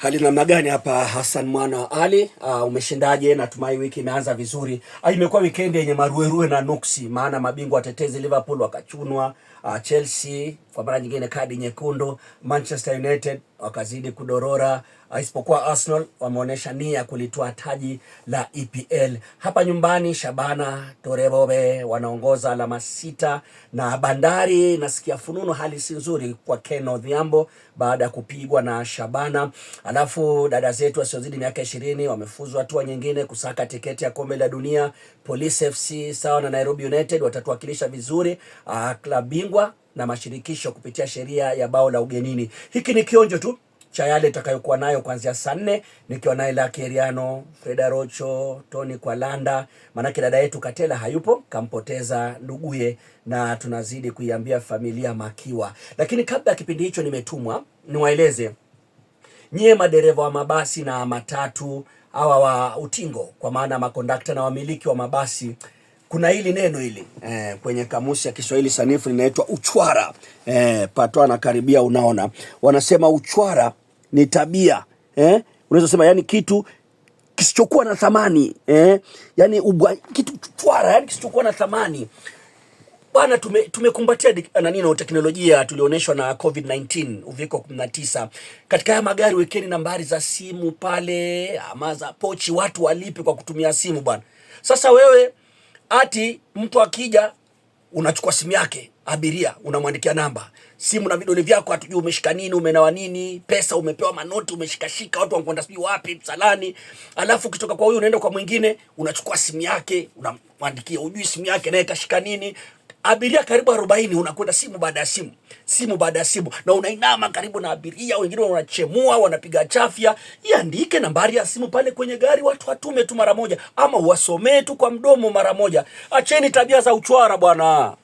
Hali namna gani hapa Hassan mwana wa Ali? Uh, umeshindaje? Natumai wiki imeanza vizuri. Uh, imekuwa wikendi yenye maruerue na nuksi, maana mabingwa watetezi Liverpool wakachunwa, uh, Chelsea kwa mara nyingine kadi nyekundu. Manchester United wakazidi kudorora, isipokuwa Arsenal wameonyesha nia ya kulitoa taji la EPL. Hapa nyumbani Shabana Torebobe wanaongoza alama sita, na Bandari nasikia fununu hali si nzuri kwa Ken Odhiambo baada ya kupigwa na Shabana. Alafu dada zetu wasiozidi miaka ishirini wamefuzwa hatua nyingine kusaka tiketi ya kombe la dunia. Police FC sawa na Nairobi United watatuwakilisha vizuri, ah, klabu bingwa na mashirikisho kupitia sheria ya bao la ugenini. Hiki ni kionjo tu cha yale takayokuwa nayo kuanzia saa nne, nikiwa naye la Keriano, Freda Rocho, Tony Kwalanda, maanake dada yetu Katela hayupo, kampoteza nduguye, na tunazidi kuiambia familia makiwa. Lakini kabla ya kipindi hicho, nimetumwa niwaeleze nyie madereva wa mabasi na matatu hawa wa utingo, kwa maana makondakta na wamiliki wa mabasi kuna hili neno hili eh, kwenye kamusi ya Kiswahili sanifu linaitwa uchwara. Eh, patwa na karibia, unaona wanasema uchwara ni tabia eh, unaweza sema yani kitu kisichokuwa na thamani eh, yani ubwa, kitu uchwara yani kisichokuwa na thamani Bwana, tumekumbatia na nini na teknolojia tulioneshwa na COVID-19 uviko 19. Katika haya magari wekeni nambari za simu pale ama za pochi, watu walipe kwa kutumia simu bwana. Sasa wewe ati mtu akija unachukua simu yake abiria, unamwandikia namba simu na vidole vyako, hatujui umeshika nini, umenawa nini, pesa umepewa, manoti umeshikashika, watu wanakwenda sijui wapi, msalani. Alafu ukitoka kwa huyu unaenda kwa mwingine, unachukua simu yake unamwandikia, hujui simu yake naye kashika nini, abiria karibu arobaini, unakwenda simu baada ya simu, simu baada ya simu, na unainama karibu na abiria. Wengine wanachemua, wanapiga chafya. Iandike nambari ya simu pale kwenye gari, watu watume tu mara moja, ama wasomee tu kwa mdomo mara moja. Acheni tabia za uchwara bwana.